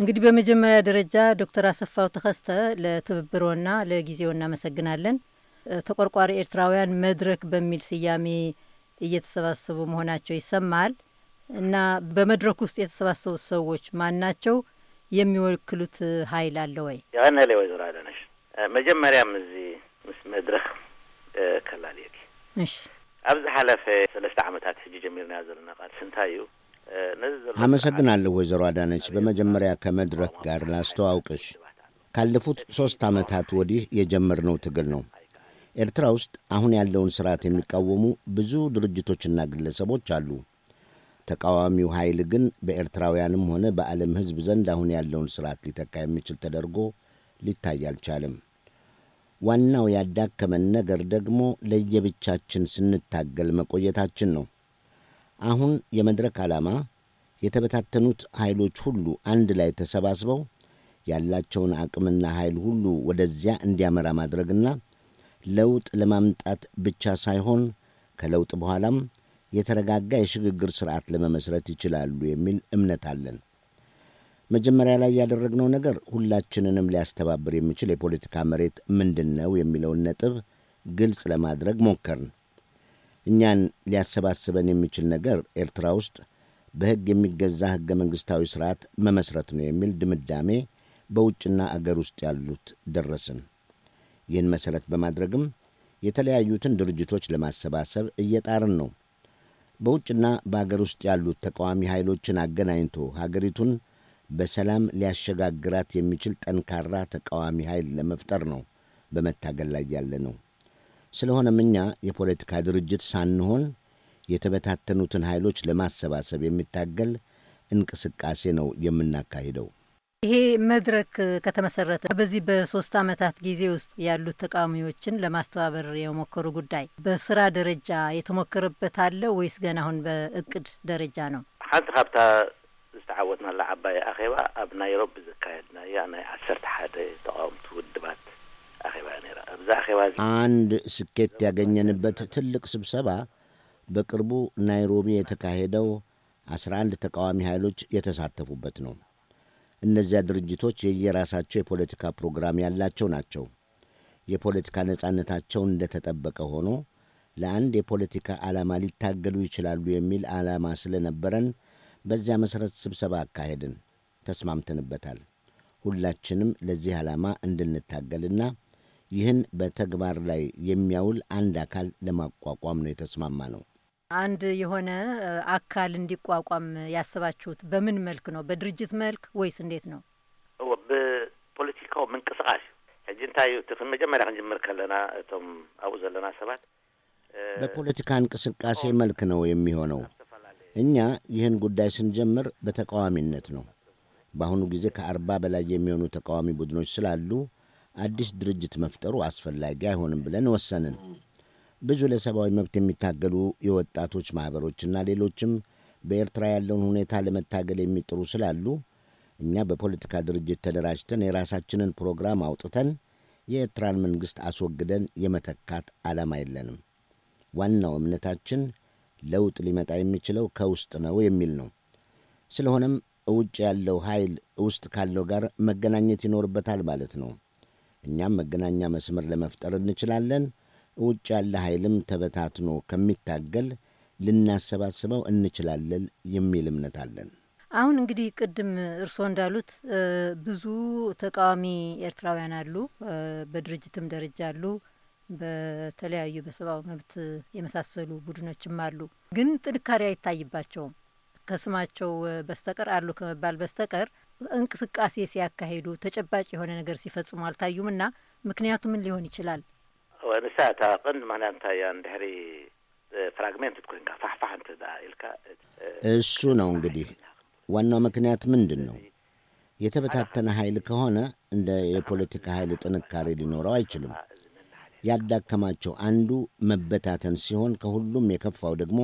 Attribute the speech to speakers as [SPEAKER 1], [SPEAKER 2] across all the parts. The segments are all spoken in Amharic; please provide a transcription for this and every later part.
[SPEAKER 1] እንግዲህ በመጀመሪያ ደረጃ ዶክተር አሰፋው ተከስተ ለትብብሮና ለጊዜው እናመሰግናለን። ተቆርቋሪ ኤርትራውያን መድረክ በሚል ስያሜ እየተሰባሰቡ መሆናቸው ይሰማል እና በመድረክ ውስጥ የተሰባሰቡት ሰዎች ማናቸው? የሚወክሉት ሀይል አለ ወይ?
[SPEAKER 2] ያነ ላይ ወይዘሮ አለነሽ መጀመሪያም እዚ ምስ መድረክ ከላልየ እሺ ኣብዚ ሓለፈ ሰለስተ ዓመታት ሕጂ ጀሚርና ዘለና ቃል ስንታይ እዩ
[SPEAKER 3] አመሰግናለሁ ወይዘሮ አዳነች። በመጀመሪያ ከመድረክ ጋር ላስተዋውቅሽ። ካለፉት ሦስት ዓመታት ወዲህ የጀመርነው ትግል ነው። ኤርትራ ውስጥ አሁን ያለውን ሥርዓት የሚቃወሙ ብዙ ድርጅቶችና ግለሰቦች አሉ። ተቃዋሚው ኃይል ግን በኤርትራውያንም ሆነ በዓለም ሕዝብ ዘንድ አሁን ያለውን ሥርዓት ሊተካ የሚችል ተደርጎ ሊታይ አልቻለም። ዋናው ያዳከመን ነገር ደግሞ ለየብቻችን ስንታገል መቆየታችን ነው። አሁን የመድረክ ዓላማ የተበታተኑት ኃይሎች ሁሉ አንድ ላይ ተሰባስበው ያላቸውን አቅምና ኃይል ሁሉ ወደዚያ እንዲያመራ ማድረግና ለውጥ ለማምጣት ብቻ ሳይሆን ከለውጥ በኋላም የተረጋጋ የሽግግር ስርዓት ለመመስረት ይችላሉ የሚል እምነት አለን። መጀመሪያ ላይ ያደረግነው ነገር ሁላችንንም ሊያስተባብር የሚችል የፖለቲካ መሬት ምንድን ነው የሚለውን ነጥብ ግልጽ ለማድረግ ሞከርን። እኛን ሊያሰባስበን የሚችል ነገር ኤርትራ ውስጥ በሕግ የሚገዛ ሕገ መንግሥታዊ ሥርዓት መመስረት ነው የሚል ድምዳሜ በውጭና አገር ውስጥ ያሉት ደረስን። ይህን መሠረት በማድረግም የተለያዩትን ድርጅቶች ለማሰባሰብ እየጣርን ነው። በውጭና በአገር ውስጥ ያሉት ተቃዋሚ ኃይሎችን አገናኝቶ ሀገሪቱን በሰላም ሊያሸጋግራት የሚችል ጠንካራ ተቃዋሚ ኃይል ለመፍጠር ነው በመታገል ላይ ያለ ነው። ስለሆነም እኛ የፖለቲካ ድርጅት ሳንሆን የተበታተኑትን ኃይሎች ለማሰባሰብ የሚታገል እንቅስቃሴ ነው የምናካሂደው።
[SPEAKER 1] ይሄ መድረክ ከተመሰረተ በዚህ በሶስት ዓመታት ጊዜ ውስጥ ያሉት ተቃዋሚዎችን ለማስተባበር የሞከሩ ጉዳይ በስራ ደረጃ የተሞከረበት አለ ወይስ ገና አሁን በእቅድ ደረጃ ነው?
[SPEAKER 2] ሓንቲ ካብታ ዝተዓወትናላ ዓባይ ኣኼባ ኣብ ናይሮቢ ዝካየድና ያ ናይ ዓሰርተ ሓደ
[SPEAKER 3] አንድ ስኬት ያገኘንበት ትልቅ ስብሰባ በቅርቡ ናይሮቢ የተካሄደው 11 ተቃዋሚ ኃይሎች የተሳተፉበት ነው። እነዚያ ድርጅቶች የየራሳቸው የፖለቲካ ፕሮግራም ያላቸው ናቸው። የፖለቲካ ነጻነታቸው እንደተጠበቀ ሆኖ ለአንድ የፖለቲካ ዓላማ ሊታገሉ ይችላሉ የሚል ዓላማ ስለነበረን በዚያ መሠረት ስብሰባ አካሄድን፣ ተስማምተንበታል። ሁላችንም ለዚህ ዓላማ እንድንታገልና ይህን በተግባር ላይ የሚያውል አንድ አካል ለማቋቋም ነው የተስማማ ነው።
[SPEAKER 1] አንድ የሆነ አካል እንዲቋቋም ያስባችሁት በምን መልክ ነው? በድርጅት መልክ ወይስ እንዴት
[SPEAKER 2] ነው? ብፖለቲካዊ ምንቅስቃስ ሕጂ እንታይ እዩ መጀመርያ ክንጅምር ከለና እቶም ኣብኡ ዘለና ሰባት
[SPEAKER 3] በፖለቲካ እንቅስቃሴ መልክ ነው የሚሆነው። እኛ ይህን ጉዳይ ስንጀምር በተቃዋሚነት ነው። በአሁኑ ጊዜ ከአርባ በላይ የሚሆኑ ተቃዋሚ ቡድኖች ስላሉ አዲስ ድርጅት መፍጠሩ አስፈላጊ አይሆንም ብለን ወሰንን። ብዙ ለሰብአዊ መብት የሚታገሉ የወጣቶች ማኅበሮችና ሌሎችም በኤርትራ ያለውን ሁኔታ ለመታገል የሚጥሩ ስላሉ እኛ በፖለቲካ ድርጅት ተደራጅተን የራሳችንን ፕሮግራም አውጥተን የኤርትራን መንግሥት አስወግደን የመተካት ዓላማ የለንም። ዋናው እምነታችን ለውጥ ሊመጣ የሚችለው ከውስጥ ነው የሚል ነው። ስለሆነም ውጭ ያለው ኃይል ውስጥ ካለው ጋር መገናኘት ይኖርበታል ማለት ነው። እኛም መገናኛ መስመር ለመፍጠር እንችላለን። ውጭ ያለ ኃይልም ተበታትኖ ከሚታገል ልናሰባስበው እንችላለን የሚል እምነት አለን።
[SPEAKER 1] አሁን እንግዲህ ቅድም እርስዎ እንዳሉት ብዙ ተቃዋሚ ኤርትራውያን አሉ፣ በድርጅትም ደረጃ አሉ፣ በተለያዩ በሰብአዊ መብት የመሳሰሉ ቡድኖችም አሉ። ግን ጥንካሬ አይታይባቸውም ከስማቸው በስተቀር አሉ ከመባል በስተቀር እንቅስቃሴ ሲያካሂዱ ተጨባጭ የሆነ ነገር ሲፈጽሙ አልታዩም እና ምክንያቱ ምን ሊሆን ይችላል?
[SPEAKER 2] ونساء تقن معناتها يعني هري ፍራግሜንት ኮይንካ ፋሕፋሕ እንት
[SPEAKER 3] ኢልካ እሱ ነው እንግዲህ ዋናው ምክንያት ምንድን ነው? የተበታተነ ኃይል ከሆነ እንደ የፖለቲካ ኃይል ጥንካሬ ሊኖረው አይችልም። ያዳከማቸው አንዱ መበታተን ሲሆን ከሁሉም የከፋው ደግሞ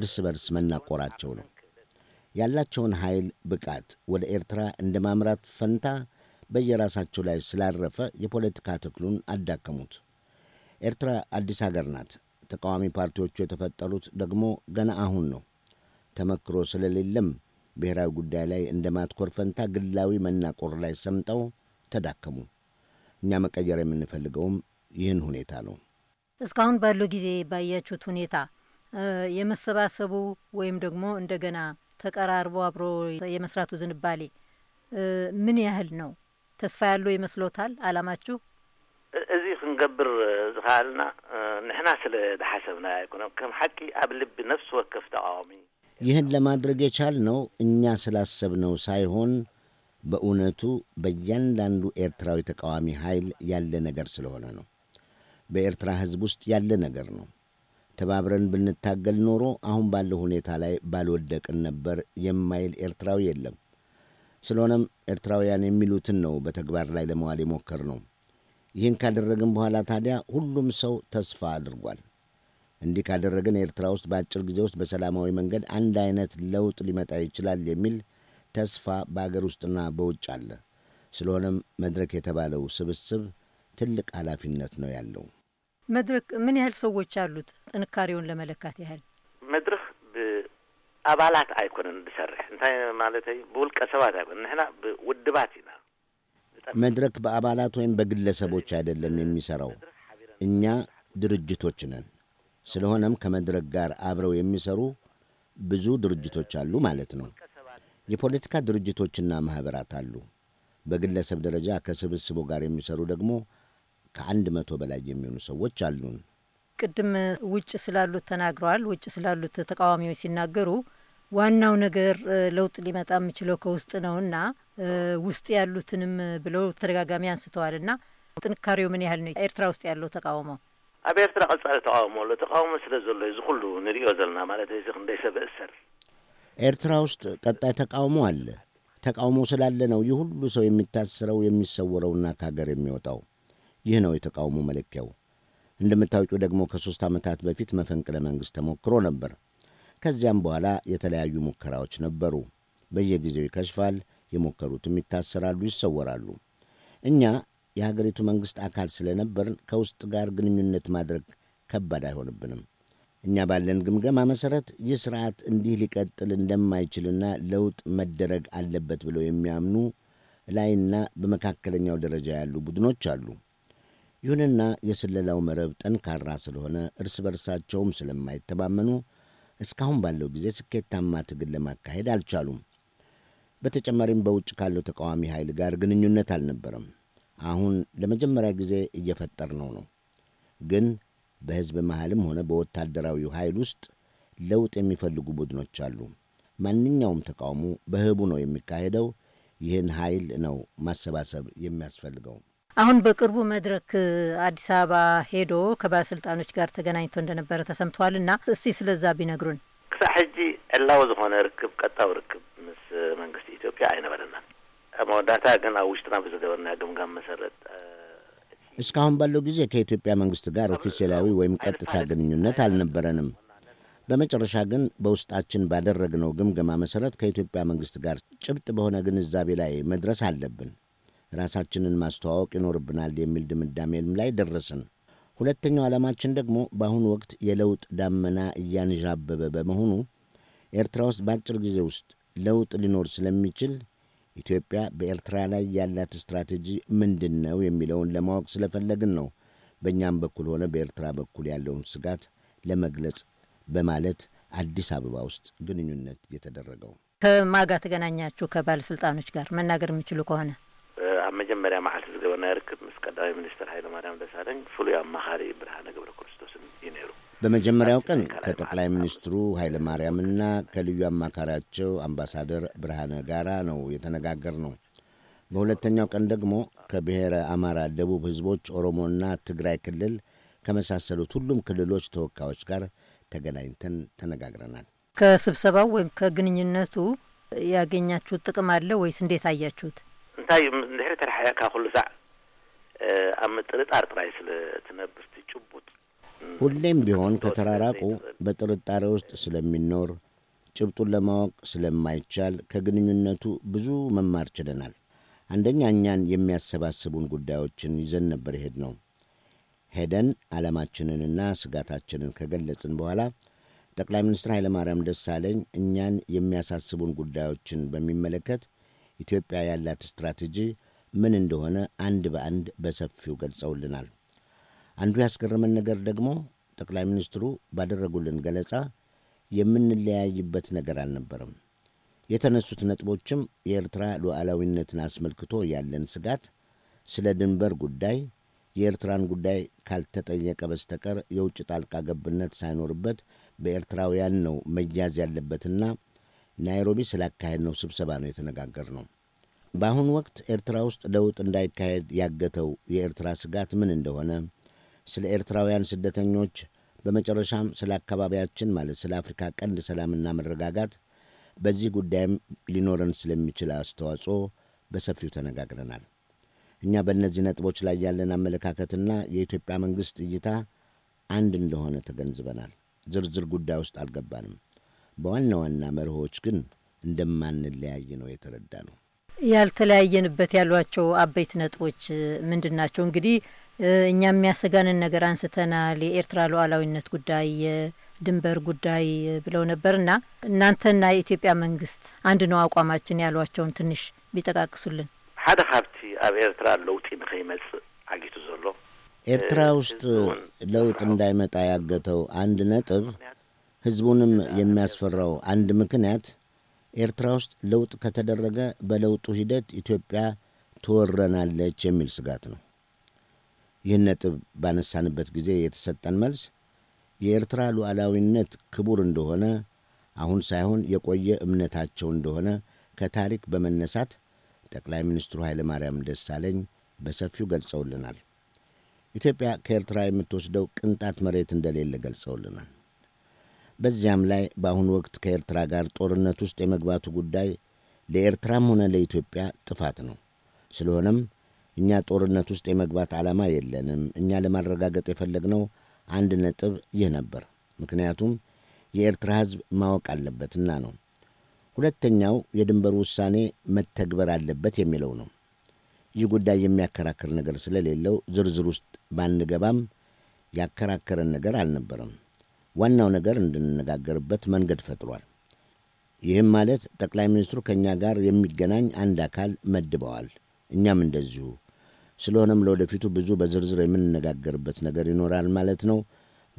[SPEAKER 3] እርስ በርስ መናቆራቸው ነው። ያላቸውን ኃይል ብቃት ወደ ኤርትራ እንደ ማምራት ፈንታ በየራሳቸው ላይ ስላረፈ የፖለቲካ ተክሉን አዳከሙት። ኤርትራ አዲስ አገር ናት። ተቃዋሚ ፓርቲዎቹ የተፈጠሩት ደግሞ ገና አሁን ነው። ተመክሮ ስለሌለም ብሔራዊ ጉዳይ ላይ እንደ ማትኮር ፈንታ ግላዊ መናቆር ላይ ሰምጠው ተዳከሙ። እኛ መቀየር የምንፈልገውም ይህን ሁኔታ ነው።
[SPEAKER 1] እስካሁን ባለው ጊዜ ባያችሁት ሁኔታ የመሰባሰቡ ወይም ደግሞ እንደገና ተቀራርቦ አብሮ የመስራቱ ዝንባሌ ምን ያህል ነው? ተስፋ ያለው ይመስሎታል? አላማችሁ
[SPEAKER 2] እዚ ክንገብር ዝኽኣልና ንሕና ስለ ዝሓሰብና ኣይኮነ ከም ሓቂ ኣብ ልቢ ነፍሲ ወከፍ
[SPEAKER 3] ተቃዋሚ ይህን ለማድረግ የቻልነው እኛ ስላሰብነው ሳይሆን በእውነቱ በእያንዳንዱ ኤርትራዊ ተቃዋሚ ኃይል ያለ ነገር ስለሆነ ነው። በኤርትራ ሕዝብ ውስጥ ያለ ነገር ነው። ተባብረን ብንታገል ኖሮ አሁን ባለው ሁኔታ ላይ ባልወደቅን ነበር የማይል ኤርትራዊ የለም። ስለሆነም ኤርትራውያን የሚሉትን ነው በተግባር ላይ ለመዋል የሞከር ነው። ይህን ካደረግን በኋላ ታዲያ ሁሉም ሰው ተስፋ አድርጓል። እንዲህ ካደረግን ኤርትራ ውስጥ በአጭር ጊዜ ውስጥ በሰላማዊ መንገድ አንድ አይነት ለውጥ ሊመጣ ይችላል የሚል ተስፋ በአገር ውስጥና በውጭ አለ። ስለሆነም መድረክ የተባለው ስብስብ ትልቅ ኃላፊነት ነው ያለው።
[SPEAKER 1] መድረክ ምን ያህል ሰዎች አሉት? ጥንካሬውን ለመለካት ያህል
[SPEAKER 3] መድረክ
[SPEAKER 2] ብአባላት አይኮንን ብሰርሕ እንታይ ማለት ብውልቀ ሰባት አይኮን ንሕና ብውድባት ኢና።
[SPEAKER 3] መድረክ በአባላት ወይም በግለሰቦች አይደለም የሚሰራው፣ እኛ ድርጅቶች ነን። ስለሆነም ከመድረክ ጋር አብረው የሚሰሩ ብዙ ድርጅቶች አሉ ማለት ነው። የፖለቲካ ድርጅቶችና ማኅበራት አሉ። በግለሰብ ደረጃ ከስብስቡ ጋር የሚሰሩ ደግሞ ከአንድ መቶ በላይ የሚሆኑ ሰዎች አሉን።
[SPEAKER 1] ቅድም ውጭ ስላሉት ተናግረዋል። ውጭ ስላሉት ተቃዋሚዎች ሲናገሩ ዋናው ነገር ለውጥ ሊመጣ የሚችለው ከውስጥ ነውና ውስጥ ያሉትንም ብለው ተደጋጋሚ አንስተዋልና ጥንካሬው ምን ያህል ነው? ኤርትራ ውስጥ ያለው
[SPEAKER 2] ተቃውሞ ኣብ ኤርትራ ቀጻሊ ተቃውሞ ኣሎ ተቃውሞ ስለ ዘሎ እዚ ኩሉ ንሪኦ ዘለና ማለት እዚ ክንደይ ሰብ እሰር
[SPEAKER 3] ኤርትራ ውስጥ ቀጣይ ተቃውሞ አለ። ተቃውሞ ስላለ ነው ይህ ሁሉ ሰው የሚታስረው የሚሰወረውና ከሀገር የሚወጣው። ይህ ነው የተቃውሞ መለኪያው። እንደምታውቂው ደግሞ ከሦስት ዓመታት በፊት መፈንቅለ መንግሥት ተሞክሮ ነበር። ከዚያም በኋላ የተለያዩ ሙከራዎች ነበሩ። በየጊዜው ይከሽፋል። የሞከሩትም ይታሰራሉ፣ ይሰወራሉ። እኛ የሀገሪቱ መንግሥት አካል ስለነበርን ከውስጥ ጋር ግንኙነት ማድረግ ከባድ አይሆንብንም። እኛ ባለን ግምገማ መሠረት ይህ ስርዓት እንዲህ ሊቀጥል እንደማይችልና ለውጥ መደረግ አለበት ብለው የሚያምኑ ላይና በመካከለኛው ደረጃ ያሉ ቡድኖች አሉ። ይሁንና የስለላው መረብ ጠንካራ ስለሆነ እርስ በርሳቸውም ስለማይተማመኑ እስካሁን ባለው ጊዜ ስኬታማ ትግል ለማካሄድ አልቻሉም። በተጨማሪም በውጭ ካለው ተቃዋሚ ኃይል ጋር ግንኙነት አልነበረም። አሁን ለመጀመሪያ ጊዜ እየፈጠር ነው ነው ግን በሕዝብ መሃልም ሆነ በወታደራዊው ኃይል ውስጥ ለውጥ የሚፈልጉ ቡድኖች አሉ። ማንኛውም ተቃውሞ በህቡ ነው የሚካሄደው። ይህን ኃይል ነው ማሰባሰብ የሚያስፈልገው።
[SPEAKER 1] አሁን በቅርቡ መድረክ አዲስ አበባ ሄዶ ከባለስልጣኖች ጋር ተገናኝቶ እንደነበረ ተሰምተዋል። ና እስቲ ስለዛ ቢነግሩን።
[SPEAKER 2] ክሳ ሕጂ ዕላዊ ዝኾነ ርክብ ቀጣው ርክብ ምስ መንግስቲ ኢትዮጵያ ኣይነበረናን መወዳታ ግን ኣብ ውሽጥና ብዝገበርና ግምጋም መሰረት
[SPEAKER 3] እስካሁን ባለው ጊዜ ከኢትዮጵያ መንግስት ጋር ኦፊሴላዊ ወይም ቀጥታ ግንኙነት አልነበረንም። በመጨረሻ ግን በውስጣችን ባደረግነው ግምገማ መሰረት ከኢትዮጵያ መንግስት ጋር ጭብጥ በሆነ ግንዛቤ ላይ መድረስ አለብን። ራሳችንን ማስተዋወቅ ይኖርብናል የሚል ድምዳሜም ላይ ደረስን። ሁለተኛው ዓላማችን ደግሞ በአሁኑ ወቅት የለውጥ ዳመና እያንዣበበ በመሆኑ ኤርትራ ውስጥ በአጭር ጊዜ ውስጥ ለውጥ ሊኖር ስለሚችል ኢትዮጵያ በኤርትራ ላይ ያላት ስትራቴጂ ምንድን ነው የሚለውን ለማወቅ ስለፈለግን ነው። በእኛም በኩል ሆነ በኤርትራ በኩል ያለውን ስጋት ለመግለጽ በማለት አዲስ አበባ ውስጥ ግንኙነት የተደረገው።
[SPEAKER 1] ከማጋ ተገናኛችሁ? ከባለስልጣኖች ጋር መናገር የሚችሉ
[SPEAKER 3] ከሆነ
[SPEAKER 2] መጀመሪያ መዓልቲ ዝገበርና ርክብ ምስ ቀዳማይ ሚኒስትር ሃይለ ማርያም ደሳለኝ ፍሉይ አማኻሪ ብርሃነ ገብረ ክርስቶስን እዩ ነይሩ።
[SPEAKER 3] በመጀመሪያው ቀን ከጠቅላይ ሚኒስትሩ ኃይለ ማርያምና ከልዩ አማካሪያቸው አምባሳደር ብርሃነ ጋራ ነው የተነጋገር ነው። በሁለተኛው ቀን ደግሞ ከብሔረ አማራ፣ ደቡብ ህዝቦች፣ ኦሮሞና ትግራይ ክልል ከመሳሰሉት ሁሉም ክልሎች ተወካዮች ጋር ተገናኝተን ተነጋግረናል።
[SPEAKER 1] ከስብሰባው ወይም ከግንኙነቱ ያገኛችሁት ጥቅም አለ ወይስ እንዴት አያችሁት?
[SPEAKER 2] እንታይ ምድሕሪ ተርሓያ ኩሉ ሳዕ ኣብ ምጥርጣር ጥራይ ስለ ትነብርቲ ጭቡጥ
[SPEAKER 3] ሁሌም ቢሆን ከተራራቁ በጥርጣሬ ውስጥ ስለሚኖር ጭብጡን ለማወቅ ስለማይቻል ከግንኙነቱ ብዙ መማር ችለናል። አንደኛ እኛን የሚያሰባስቡን ጉዳዮችን ይዘን ነበር የሄድ ነው። ሄደን ዓላማችንንና ስጋታችንን ከገለጽን በኋላ ጠቅላይ ሚኒስትር ኃይለማርያም ደሳለኝ እኛን የሚያሳስቡን ጉዳዮችን በሚመለከት ኢትዮጵያ ያላት ስትራቴጂ ምን እንደሆነ አንድ በአንድ በሰፊው ገልጸውልናል። አንዱ ያስገረመን ነገር ደግሞ ጠቅላይ ሚኒስትሩ ባደረጉልን ገለጻ የምንለያይበት ነገር አልነበረም። የተነሱት ነጥቦችም የኤርትራ ሉዓላዊነትን አስመልክቶ ያለን ስጋት፣ ስለ ድንበር ጉዳይ የኤርትራን ጉዳይ ካልተጠየቀ በስተቀር የውጭ ጣልቃ ገብነት ሳይኖርበት በኤርትራውያን ነው መያዝ ያለበትና ናይሮቢ ስላካሄድ ነው ስብሰባ ነው የተነጋገር ነው። በአሁኑ ወቅት ኤርትራ ውስጥ ለውጥ እንዳይካሄድ ያገተው የኤርትራ ስጋት ምን እንደሆነ፣ ስለ ኤርትራውያን ስደተኞች፣ በመጨረሻም ስለ አካባቢያችን ማለት ስለ አፍሪካ ቀንድ ሰላምና መረጋጋት፣ በዚህ ጉዳይም ሊኖረን ስለሚችል አስተዋጽኦ በሰፊው ተነጋግረናል። እኛ በእነዚህ ነጥቦች ላይ ያለን አመለካከትና የኢትዮጵያ መንግሥት እይታ አንድ እንደሆነ ተገንዝበናል። ዝርዝር ጉዳይ ውስጥ አልገባንም። በዋና ዋና መርሆች ግን እንደማንለያይ ነው የተረዳ ነው።
[SPEAKER 1] ያልተለያየንበት ያሏቸው አበይት ነጥቦች ምንድን ናቸው? እንግዲህ እኛ የሚያሰጋንን ነገር አንስተናል። የኤርትራ ሉዓላዊነት ጉዳይ፣ የድንበር ጉዳይ ብለው ነበርና እናንተና የኢትዮጵያ መንግስት አንድ ነው አቋማችን ያሏቸውን ትንሽ ቢጠቃቅሱልን።
[SPEAKER 2] ሓደ ካብቲ ኣብ ኤርትራ ለውጢ ንኸይመጽእ ዓጊቱ ዘሎ ኤርትራ
[SPEAKER 3] ውስጥ ለውጥ እንዳይመጣ ያገተው አንድ ነጥብ ሕዝቡንም የሚያስፈራው አንድ ምክንያት ኤርትራ ውስጥ ለውጥ ከተደረገ በለውጡ ሂደት ኢትዮጵያ ትወረናለች የሚል ስጋት ነው። ይህን ነጥብ ባነሳንበት ጊዜ የተሰጠን መልስ የኤርትራ ሉዓላዊነት ክቡር እንደሆነ አሁን ሳይሆን የቆየ እምነታቸው እንደሆነ ከታሪክ በመነሳት ጠቅላይ ሚኒስትሩ ኃይለማርያም ደሳለኝ በሰፊው ገልጸውልናል። ኢትዮጵያ ከኤርትራ የምትወስደው ቅንጣት መሬት እንደሌለ ገልጸውልናል። በዚያም ላይ በአሁኑ ወቅት ከኤርትራ ጋር ጦርነት ውስጥ የመግባቱ ጉዳይ ለኤርትራም ሆነ ለኢትዮጵያ ጥፋት ነው። ስለሆነም እኛ ጦርነት ውስጥ የመግባት ዓላማ የለንም። እኛ ለማረጋገጥ የፈለግነው አንድ ነጥብ ይህ ነበር። ምክንያቱም የኤርትራ ሕዝብ ማወቅ አለበትና ነው። ሁለተኛው የድንበር ውሳኔ መተግበር አለበት የሚለው ነው። ይህ ጉዳይ የሚያከራክር ነገር ስለሌለው ዝርዝር ውስጥ ባንገባም ያከራከረን ነገር አልነበረም። ዋናው ነገር እንድንነጋገርበት መንገድ ፈጥሯል። ይህም ማለት ጠቅላይ ሚኒስትሩ ከእኛ ጋር የሚገናኝ አንድ አካል መድበዋል። እኛም እንደዚሁ። ስለሆነም ለወደፊቱ ብዙ በዝርዝር የምንነጋገርበት ነገር ይኖራል ማለት ነው።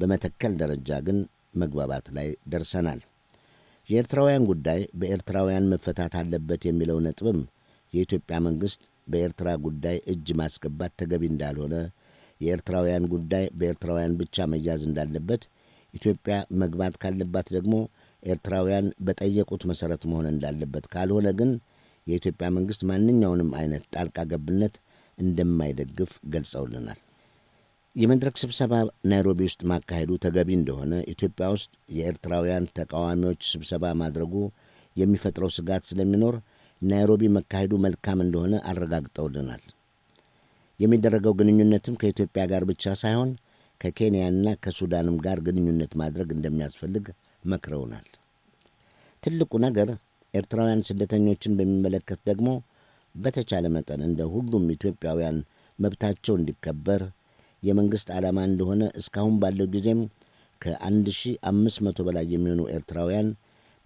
[SPEAKER 3] በመተከል ደረጃ ግን መግባባት ላይ ደርሰናል። የኤርትራውያን ጉዳይ በኤርትራውያን መፈታት አለበት የሚለው ነጥብም የኢትዮጵያ መንግሥት በኤርትራ ጉዳይ እጅ ማስገባት ተገቢ እንዳልሆነ፣ የኤርትራውያን ጉዳይ በኤርትራውያን ብቻ መያዝ እንዳለበት ኢትዮጵያ መግባት ካለባት ደግሞ ኤርትራውያን በጠየቁት መሠረት መሆን እንዳለበት፣ ካልሆነ ግን የኢትዮጵያ መንግሥት ማንኛውንም አይነት ጣልቃ ገብነት እንደማይደግፍ ገልጸውልናል። የመድረክ ስብሰባ ናይሮቢ ውስጥ ማካሄዱ ተገቢ እንደሆነ፣ ኢትዮጵያ ውስጥ የኤርትራውያን ተቃዋሚዎች ስብሰባ ማድረጉ የሚፈጥረው ስጋት ስለሚኖር ናይሮቢ መካሄዱ መልካም እንደሆነ አረጋግጠውልናል። የሚደረገው ግንኙነትም ከኢትዮጵያ ጋር ብቻ ሳይሆን ከኬንያና ከሱዳንም ጋር ግንኙነት ማድረግ እንደሚያስፈልግ መክረውናል። ትልቁ ነገር ኤርትራውያን ስደተኞችን በሚመለከት ደግሞ በተቻለ መጠን እንደ ሁሉም ኢትዮጵያውያን መብታቸው እንዲከበር የመንግሥት ዓላማ እንደሆነ እስካሁን ባለው ጊዜም ከ1500 በላይ የሚሆኑ ኤርትራውያን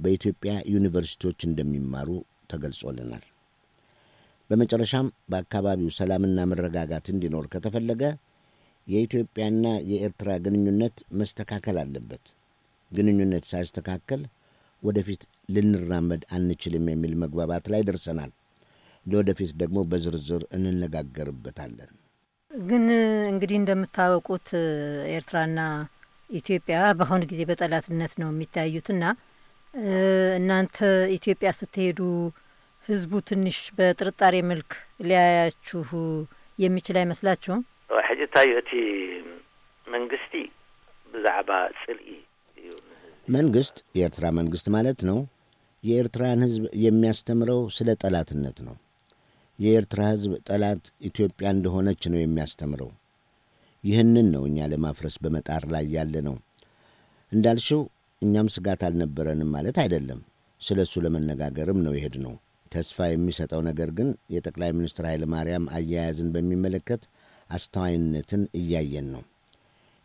[SPEAKER 3] በኢትዮጵያ ዩኒቨርሲቲዎች እንደሚማሩ ተገልጾልናል። በመጨረሻም በአካባቢው ሰላምና መረጋጋት እንዲኖር ከተፈለገ የኢትዮጵያና የኤርትራ ግንኙነት መስተካከል አለበት። ግንኙነት ሳይስተካከል ወደፊት ልንራመድ አንችልም የሚል መግባባት ላይ ደርሰናል። ለወደፊት ደግሞ በዝርዝር እንነጋገርበታለን።
[SPEAKER 1] ግን እንግዲህ እንደምታወቁት ኤርትራና ኢትዮጵያ በአሁኑ ጊዜ በጠላትነት ነው የሚታዩትና እናንተ ኢትዮጵያ ስትሄዱ ህዝቡ ትንሽ በጥርጣሬ መልክ ሊያያችሁ የሚችል አይመስላችሁም?
[SPEAKER 2] ሕጂ እቲ መንግስቲ ብዛዕባ ፅልኢ እዩ
[SPEAKER 3] መንግስት የኤርትራ መንግስቲ ማለት ነው የኤርትራን ህዝብ የሚያስተምረው ስለ ጠላትነት ነው። የኤርትራ ህዝብ ጠላት ኢትዮጵያ እንደሆነች ነው የሚያስተምረው። ይህንን ነው እኛ ለማፍረስ በመጣር ላይ ያለ ነው። እንዳልሽው እኛም ስጋት አልነበረንም ማለት አይደለም። ስለ እሱ ለመነጋገርም ነው የሄድነው ነው። ተስፋ የሚሰጠው ነገር ግን የጠቅላይ ሚኒስትር ኃይለ ማርያም አያያዝን በሚመለከት አስተዋይነትን እያየን ነው።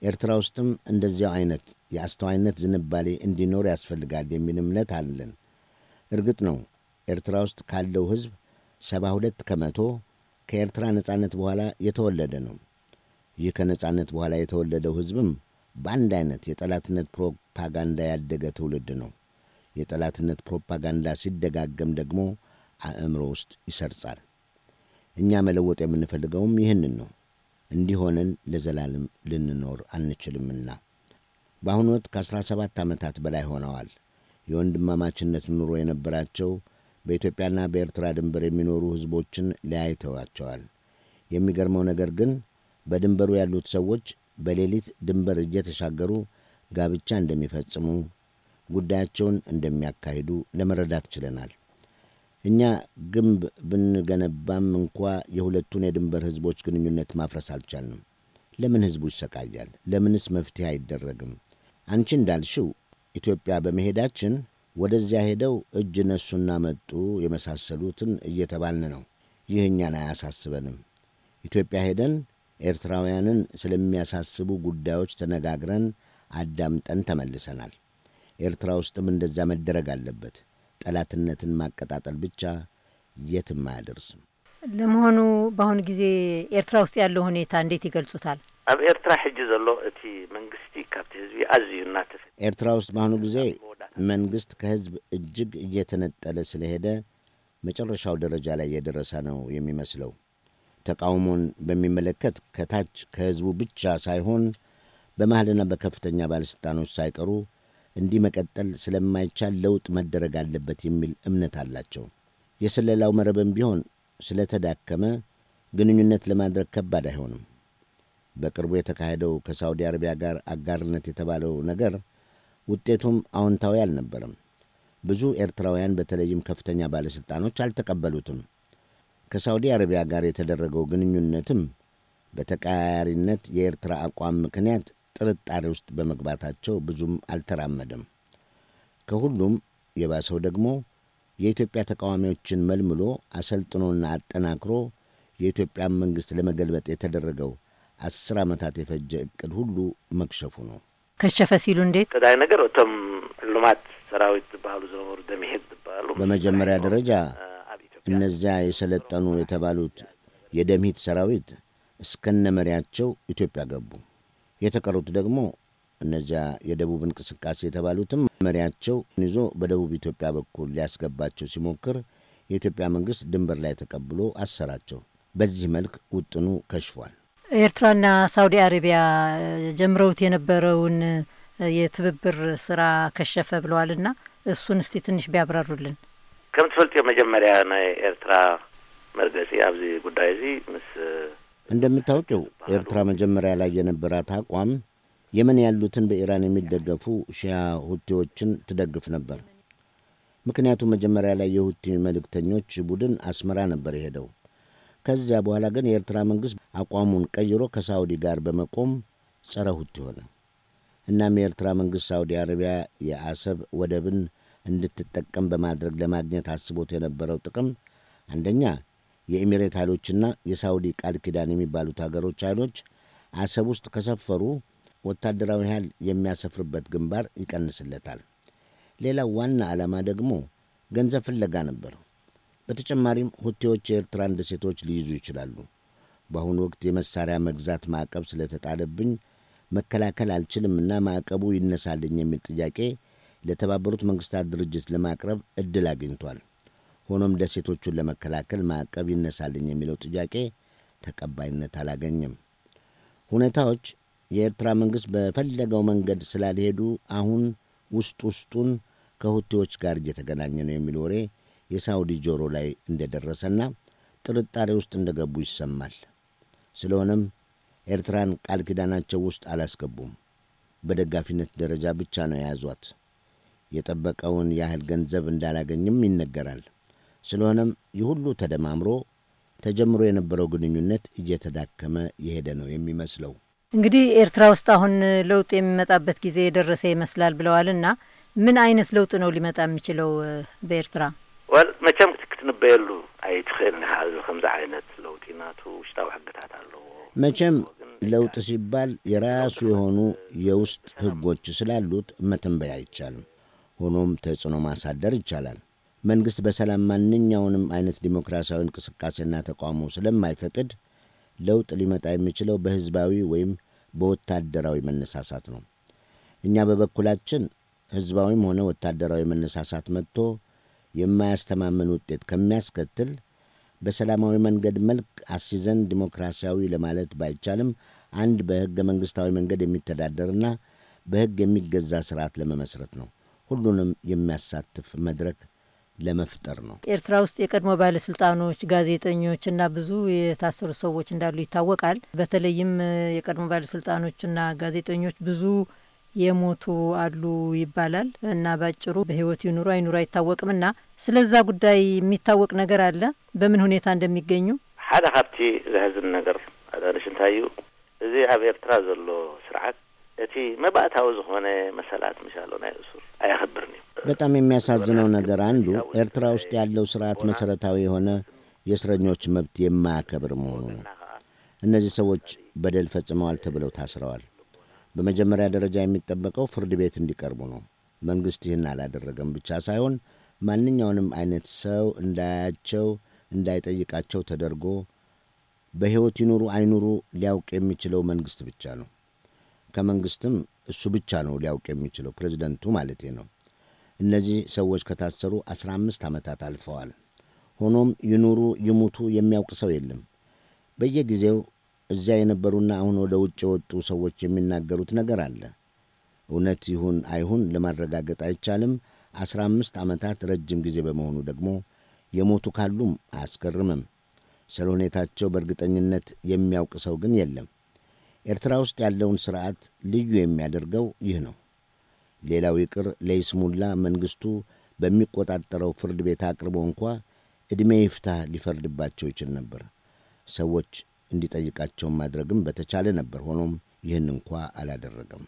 [SPEAKER 3] ኤርትራ ውስጥም እንደዚያው አይነት የአስተዋይነት ዝንባሌ እንዲኖር ያስፈልጋል የሚል እምነት አለን። እርግጥ ነው ኤርትራ ውስጥ ካለው ሕዝብ ሁለት ከመቶ ከኤርትራ ነጻነት በኋላ የተወለደ ነው። ይህ ከነጻነት በኋላ የተወለደው ሕዝብም በአንድ አይነት የጠላትነት ፕሮፓጋንዳ ያደገ ትውልድ ነው። የጠላትነት ፕሮፓጋንዳ ሲደጋገም ደግሞ አእምሮ ውስጥ ይሰርጻል። እኛ መለወጥ የምንፈልገውም ይህንን ነው። እንዲሆነን ለዘላለም ልንኖር አንችልምና በአሁኑ ወቅት ከ17 ዓመታት በላይ ሆነዋል። የወንድማማችነት ኑሮ የነበራቸው በኢትዮጵያና በኤርትራ ድንበር የሚኖሩ ሕዝቦችን ለያይተዋቸዋል። የሚገርመው ነገር ግን በድንበሩ ያሉት ሰዎች በሌሊት ድንበር እየተሻገሩ ጋብቻ እንደሚፈጽሙ፣ ጉዳያቸውን እንደሚያካሂዱ ለመረዳት ችለናል። እኛ ግንብ ብንገነባም እንኳ የሁለቱን የድንበር ሕዝቦች ግንኙነት ማፍረስ አልቻልንም። ለምን ሕዝቡ ይሰቃያል? ለምንስ መፍትሄ አይደረግም? አንቺ እንዳልሽው ኢትዮጵያ በመሄዳችን ወደዚያ ሄደው እጅ ነሱና መጡ የመሳሰሉትን እየተባልን ነው። ይህ እኛን አያሳስበንም። ኢትዮጵያ ሄደን ኤርትራውያንን ስለሚያሳስቡ ጉዳዮች ተነጋግረን አዳምጠን ተመልሰናል። ኤርትራ ውስጥም እንደዛ መደረግ አለበት። ጠላትነትን ማቀጣጠል ብቻ የትም አያደርስም።
[SPEAKER 1] ለመሆኑ በአሁኑ ጊዜ ኤርትራ ውስጥ ያለው ሁኔታ እንዴት ይገልጹታል?
[SPEAKER 3] ኣብ ኤርትራ ሕጂ ዘሎ
[SPEAKER 2] እቲ መንግስቲ ካብቲ ህዝቢ ኣዝዩ እናተፈ
[SPEAKER 3] ኤርትራ ውስጥ በአሁኑ ጊዜ መንግስት ከህዝብ እጅግ እየተነጠለ ስለሄደ መጨረሻው ደረጃ ላይ የደረሰ ነው የሚመስለው። ተቃውሞን በሚመለከት ከታች ከህዝቡ ብቻ ሳይሆን በመሃልና በከፍተኛ ባለሥልጣኖች ሳይቀሩ እንዲህ መቀጠል ስለማይቻል ለውጥ መደረግ አለበት የሚል እምነት አላቸው። የስለላው መረብም ቢሆን ስለተዳከመ ግንኙነት ለማድረግ ከባድ አይሆንም። በቅርቡ የተካሄደው ከሳውዲ አረቢያ ጋር አጋርነት የተባለው ነገር ውጤቱም አዎንታዊ አልነበረም። ብዙ ኤርትራውያን በተለይም ከፍተኛ ባለሥልጣኖች አልተቀበሉትም። ከሳውዲ አረቢያ ጋር የተደረገው ግንኙነትም በተቀያያሪነት የኤርትራ አቋም ምክንያት ጥርጣሬ ውስጥ በመግባታቸው ብዙም አልተራመደም። ከሁሉም የባሰው ደግሞ የኢትዮጵያ ተቃዋሚዎችን መልምሎ አሰልጥኖና አጠናክሮ የኢትዮጵያን መንግሥት ለመገልበጥ የተደረገው አስር ዓመታት የፈጀ እቅድ ሁሉ መክሸፉ ነው። ከሸፈ ሲሉ እንዴት
[SPEAKER 2] ተዳይ ነገር እቶም ልማት ሰራዊት ዝባሉ ዝነበሩ
[SPEAKER 3] ደሚሄድ ዝባሉ በመጀመሪያ ደረጃ እነዚያ የሰለጠኑ የተባሉት የደምሂት ሰራዊት እስከነ መሪያቸው ኢትዮጵያ ገቡ። የተቀሩት ደግሞ እነዚያ የደቡብ እንቅስቃሴ የተባሉትም መሪያቸው ይዞ በደቡብ ኢትዮጵያ በኩል ሊያስገባቸው ሲሞክር የኢትዮጵያ መንግስት ድንበር ላይ ተቀብሎ አሰራቸው። በዚህ መልክ ውጥኑ ከሽፏል።
[SPEAKER 1] ኤርትራና ሳውዲ አረቢያ ጀምረውት የነበረውን የትብብር ስራ ከሸፈ ብለዋልና እሱን
[SPEAKER 2] እስቲ ትንሽ
[SPEAKER 3] ቢያብራሩልን።
[SPEAKER 2] ከምትፈልጥ የመጀመሪያ ናይ ኤርትራ መርገፂ ኣብዚ ጉዳይ እዚ
[SPEAKER 3] ምስ እንደምታውቂው ኤርትራ መጀመሪያ ላይ የነበራት አቋም የመን ያሉትን በኢራን የሚደገፉ ሺያ ሁቲዎችን ትደግፍ ነበር። ምክንያቱም መጀመሪያ ላይ የሁቲ መልእክተኞች ቡድን አስመራ ነበር የሄደው። ከዚያ በኋላ ግን የኤርትራ መንግሥት አቋሙን ቀይሮ ከሳውዲ ጋር በመቆም ጸረ ሁቲ ሆነ። እናም የኤርትራ መንግሥት ሳውዲ አረቢያ የአሰብ ወደብን እንድትጠቀም በማድረግ ለማግኘት አስቦት የነበረው ጥቅም አንደኛ የኢሚሬት ኃይሎችና የሳውዲ ቃል ኪዳን የሚባሉት ሀገሮች ኃይሎች አሰብ ውስጥ ከሰፈሩ ወታደራዊ ኃይል የሚያሰፍርበት ግንባር ይቀንስለታል። ሌላው ዋና ዓላማ ደግሞ ገንዘብ ፍለጋ ነበር። በተጨማሪም ሁቴዎች የኤርትራን ደሴቶች ሊይዙ ይችላሉ። በአሁኑ ወቅት የመሳሪያ መግዛት ማዕቀብ ስለተጣለብኝ መከላከል አልችልምና ማዕቀቡ ይነሳልኝ የሚል ጥያቄ ለተባበሩት መንግሥታት ድርጅት ለማቅረብ ዕድል አግኝቷል። ሆኖም ደሴቶቹን ለመከላከል ማዕቀብ ይነሳልኝ የሚለው ጥያቄ ተቀባይነት አላገኘም። ሁኔታዎች የኤርትራ መንግሥት በፈለገው መንገድ ስላልሄዱ አሁን ውስጥ ውስጡን ከሁቴዎች ጋር እየተገናኘ ነው የሚል ወሬ የሳውዲ ጆሮ ላይ እንደደረሰና ጥርጣሬ ውስጥ እንደገቡ ይሰማል። ስለሆነም ኤርትራን ቃል ኪዳናቸው ውስጥ አላስገቡም። በደጋፊነት ደረጃ ብቻ ነው የያዟት። የጠበቀውን ያህል ገንዘብ እንዳላገኝም ይነገራል። ስለሆነም ይህ ሁሉ ተደማምሮ ተጀምሮ የነበረው ግንኙነት እየተዳከመ የሄደ ነው የሚመስለው።
[SPEAKER 1] እንግዲህ ኤርትራ ውስጥ አሁን ለውጥ የሚመጣበት ጊዜ የደረሰ ይመስላል ብለዋልና ምን አይነት ለውጥ ነው ሊመጣ
[SPEAKER 3] የሚችለው በኤርትራ?
[SPEAKER 2] ወል መቸም ክትንበየሉ ኣይትኽእልን ኢኻ ከምዚ ዓይነት ለውጢ ናቱ ውሽጣዊ ሕግታት
[SPEAKER 3] ኣለዎ። መቸም ለውጥ ሲባል የራሱ የሆኑ የውስጥ ህጎች ስላሉት መተንበይ አይቻልም። ሆኖም ተጽዕኖ ማሳደር ይቻላል። መንግሥት በሰላም ማንኛውንም አይነት ዲሞክራሲያዊ እንቅስቃሴና ተቃውሞ ስለማይፈቅድ ለውጥ ሊመጣ የሚችለው በሕዝባዊ ወይም በወታደራዊ መነሳሳት ነው። እኛ በበኩላችን ሕዝባዊም ሆነ ወታደራዊ መነሳሳት መጥቶ የማያስተማምን ውጤት ከሚያስከትል በሰላማዊ መንገድ መልክ አስይዘን ዲሞክራሲያዊ ለማለት ባይቻልም አንድ በሕገ መንግሥታዊ መንገድ የሚተዳደርና በሕግ የሚገዛ ስርዓት ለመመስረት ነው። ሁሉንም የሚያሳትፍ መድረክ ለመፍጠር ነው።
[SPEAKER 1] ኤርትራ ውስጥ የቀድሞ ባለስልጣኖች፣ ጋዜጠኞች እና ብዙ የታሰሩ ሰዎች እንዳሉ ይታወቃል። በተለይም የቀድሞ ባለስልጣኖችና ጋዜጠኞች ብዙ የሞቱ አሉ ይባላል እና ባጭሩ በህይወት ይኑሩ አይኑሩ ና ስለዛ ጉዳይ የሚታወቅ ነገር አለ? በምን ሁኔታ እንደሚገኙ
[SPEAKER 2] ሓደ ካብቲ ዘሕዝን ነገር ኣዳንሽ እንታይ እዩ እዚ ኣብ ኤርትራ ዘሎ ስርዓት እቲ መባእታዊ ዝኾነ መሰላት ምሻሎ ናይ
[SPEAKER 3] ኣይኽብርን እዩ በጣም የሚያሳዝነው ነገር አንዱ ኤርትራ ውስጥ ያለው ስርዓት መሰረታዊ የሆነ የእስረኞች መብት የማያከብር መሆኑ ነው። እነዚህ ሰዎች በደል ፈጽመዋል ተብለው ታስረዋል። በመጀመሪያ ደረጃ የሚጠበቀው ፍርድ ቤት እንዲቀርቡ ነው። መንግሥት ይህን አላደረገም ብቻ ሳይሆን ማንኛውንም አይነት ሰው እንዳያቸው፣ እንዳይጠይቃቸው ተደርጎ በሕይወት ይኑሩ አይኑሩ ሊያውቅ የሚችለው መንግሥት ብቻ ነው። ከመንግሥትም እሱ ብቻ ነው ሊያውቅ የሚችለው ፕሬዚደንቱ ማለቴ ነው። እነዚህ ሰዎች ከታሰሩ 15 ዓመታት አልፈዋል። ሆኖም ይኑሩ ይሙቱ የሚያውቅ ሰው የለም። በየጊዜው እዚያ የነበሩና አሁን ወደ ውጭ የወጡ ሰዎች የሚናገሩት ነገር አለ። እውነት ይሁን አይሁን ለማረጋገጥ አይቻልም። 15 ዓመታት ረጅም ጊዜ በመሆኑ ደግሞ የሞቱ ካሉም አያስገርምም። ስለ ሁኔታቸው በእርግጠኝነት የሚያውቅ ሰው ግን የለም። ኤርትራ ውስጥ ያለውን ስርዓት ልዩ የሚያደርገው ይህ ነው። ሌላው ይቅር ለይስሙላ መንግሥቱ በሚቆጣጠረው ፍርድ ቤት አቅርቦ እንኳ ዕድሜ ይፍታህ ሊፈርድባቸው ይችል ነበር። ሰዎች እንዲጠይቃቸው ማድረግም በተቻለ ነበር። ሆኖም ይህን እንኳ አላደረገም።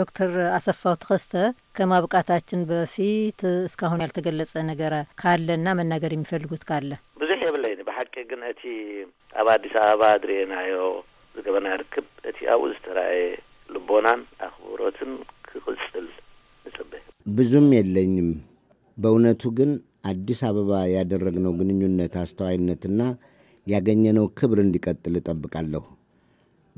[SPEAKER 1] ዶክተር አሰፋው ተኸስተ ከማብቃታችን በፊት እስካሁን ያልተገለጸ ነገር ካለና መናገር የሚፈልጉት ካለ
[SPEAKER 2] ብዙሕ የብለይኒ ብሓቂ ግን እቲ ኣብ ኣዲስ ኣበባ ድርኤናዮ ዝገበና ርክብ እቲ ኣብኡ ዝተረኣየ ልቦናን ኣኽብሮትን ክቕፅል
[SPEAKER 3] ንጽበ ብዙም የለኝም። በእውነቱ ግን አዲስ አበባ ያደረግነው ግንኙነት አስተዋይነትና ያገኘነው ክብር እንዲቀጥል እጠብቃለሁ።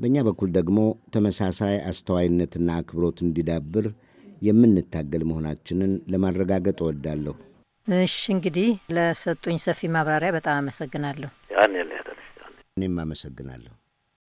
[SPEAKER 3] በእኛ በኩል ደግሞ ተመሳሳይ አስተዋይነትና አክብሮት እንዲዳብር የምንታገል መሆናችንን ለማረጋገጥ እወዳለሁ።
[SPEAKER 1] እሽ፣ እንግዲህ ለሰጡኝ ሰፊ ማብራሪያ በጣም አመሰግናለሁ።
[SPEAKER 3] እኔም አመሰግናለሁ።